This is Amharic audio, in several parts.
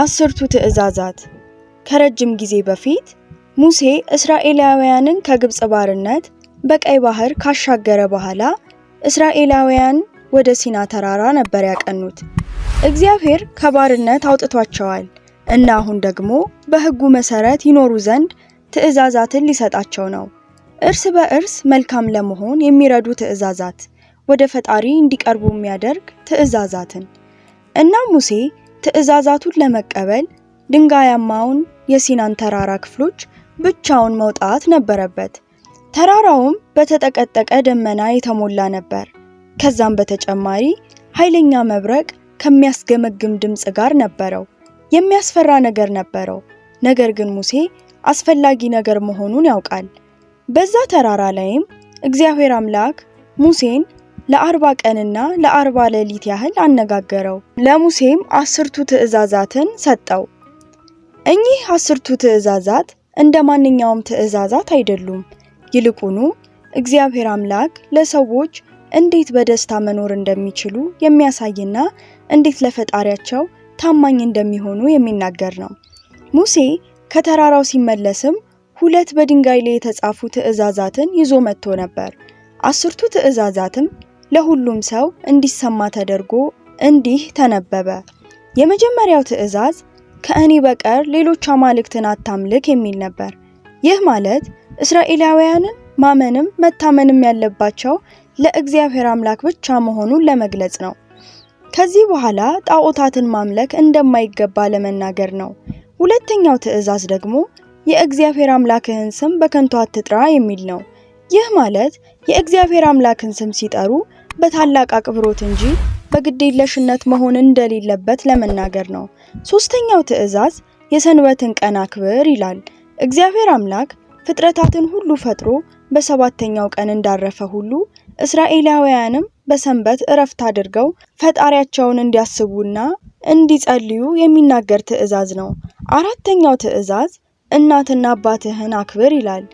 አስርቱ ትእዛዛት ከረጅም ጊዜ በፊት ሙሴ እስራኤላውያንን ከግብፅ ባርነት በቀይ ባህር ካሻገረ በኋላ እስራኤላውያን ወደ ሲና ተራራ ነበር ያቀኑት። እግዚአብሔር ከባርነት አውጥቷቸዋል እና አሁን ደግሞ በሕጉ መሰረት ይኖሩ ዘንድ ትእዛዛትን ሊሰጣቸው ነው። እርስ በእርስ መልካም ለመሆን የሚረዱ ትእዛዛት፣ ወደ ፈጣሪ እንዲቀርቡ የሚያደርግ ትእዛዛትን እና ሙሴ ትዕዛዛቱን ለመቀበል ድንጋያማውን የሲናን ተራራ ክፍሎች ብቻውን መውጣት ነበረበት። ተራራውም በተጠቀጠቀ ደመና የተሞላ ነበር። ከዛም በተጨማሪ ኃይለኛ መብረቅ ከሚያስገመግም ድምፅ ጋር ነበረው። የሚያስፈራ ነገር ነበረው። ነገር ግን ሙሴ አስፈላጊ ነገር መሆኑን ያውቃል። በዛ ተራራ ላይም እግዚአብሔር አምላክ ሙሴን ለአርባ ቀንና ለአርባ ሌሊት ያህል አነጋገረው። ለሙሴም አስርቱ ትእዛዛትን ሰጠው። እኚህ አስርቱ ትእዛዛት እንደ ማንኛውም ትእዛዛት አይደሉም። ይልቁኑ እግዚአብሔር አምላክ ለሰዎች እንዴት በደስታ መኖር እንደሚችሉ የሚያሳይና እንዴት ለፈጣሪያቸው ታማኝ እንደሚሆኑ የሚናገር ነው። ሙሴ ከተራራው ሲመለስም ሁለት በድንጋይ ላይ የተጻፉ ትእዛዛትን ይዞ መጥቶ ነበር። አስርቱ ትእዛዛትም ለሁሉም ሰው እንዲሰማ ተደርጎ እንዲህ ተነበበ። የመጀመሪያው ትዕዛዝ ከእኔ በቀር ሌሎች አማልክትን አታምልክ የሚል ነበር። ይህ ማለት እስራኤላውያንን ማመንም መታመንም ያለባቸው ለእግዚአብሔር አምላክ ብቻ መሆኑን ለመግለጽ ነው። ከዚህ በኋላ ጣዖታትን ማምለክ እንደማይገባ ለመናገር ነው። ሁለተኛው ትዕዛዝ ደግሞ የእግዚአብሔር አምላክህን ስም በከንቱ አትጥራ የሚል ነው። ይህ ማለት የእግዚአብሔር አምላክን ስም ሲጠሩ በታላቅ አክብሮት እንጂ በግዴለሽነት መሆን እንደሌለበት ለመናገር ነው። ሶስተኛው ትዕዛዝ የሰንበትን ቀን አክብር ይላል። እግዚአብሔር አምላክ ፍጥረታትን ሁሉ ፈጥሮ በሰባተኛው ቀን እንዳረፈ ሁሉ እስራኤላውያንም በሰንበት እረፍት አድርገው ፈጣሪያቸውን እንዲያስቡና እንዲጸልዩ የሚናገር ትዕዛዝ ነው። አራተኛው ትዕዛዝ እናትና አባትህን አክብር ይላል።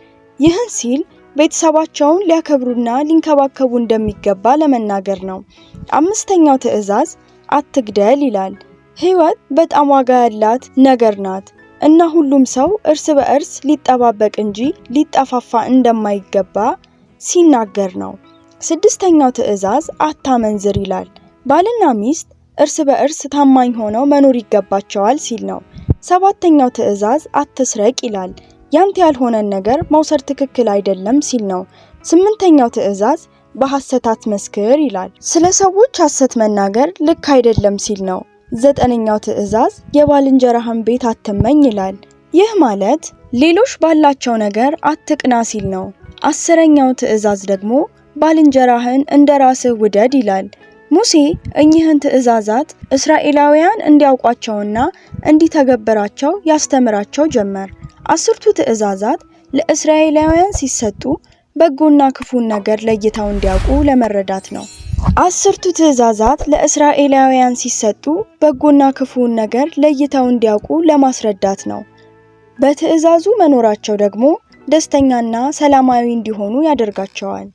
ይህን ሲል ቤተሰባቸውን ሊያከብሩና ሊንከባከቡ እንደሚገባ ለመናገር ነው። አምስተኛው ትዕዛዝ አትግደል ይላል። ህይወት በጣም ዋጋ ያላት ነገር ናት እና ሁሉም ሰው እርስ በእርስ ሊጠባበቅ እንጂ ሊጠፋፋ እንደማይገባ ሲናገር ነው። ስድስተኛው ትዕዛዝ አታመንዝር ይላል። ባልና ሚስት እርስ በእርስ ታማኝ ሆነው መኖር ይገባቸዋል ሲል ነው። ሰባተኛው ትዕዛዝ አትስረቅ ይላል። ያንተ ያልሆነን ነገር መውሰድ ትክክል አይደለም ሲል ነው። ስምንተኛው ትዕዛዝ በሐሰት አትመስክር ይላል። ስለ ሰዎች ሐሰት መናገር ልክ አይደለም ሲል ነው። ዘጠነኛው ትዕዛዝ የባልንጀራህን ቤት አትመኝ ይላል። ይህ ማለት ሌሎች ባላቸው ነገር አትቅና ሲል ነው። አስረኛው ትዕዛዝ ደግሞ ባልንጀራህን እንደ ራስህ ውደድ ይላል። ሙሴ እኚህን ትዕዛዛት እስራኤላውያን እንዲያውቋቸውና እንዲተገበራቸው ያስተምራቸው ጀመር። አስርቱ ትእዛዛት ለእስራኤላውያን ሲሰጡ በጎና ክፉን ነገር ለይተው እንዲያውቁ ለመረዳት ነው። አስርቱ ትእዛዛት ለእስራኤላውያን ሲሰጡ በጎና ክፉን ነገር ለይተው እንዲያውቁ ለማስረዳት ነው። በትእዛዙ መኖራቸው ደግሞ ደስተኛና ሰላማዊ እንዲሆኑ ያደርጋቸዋል።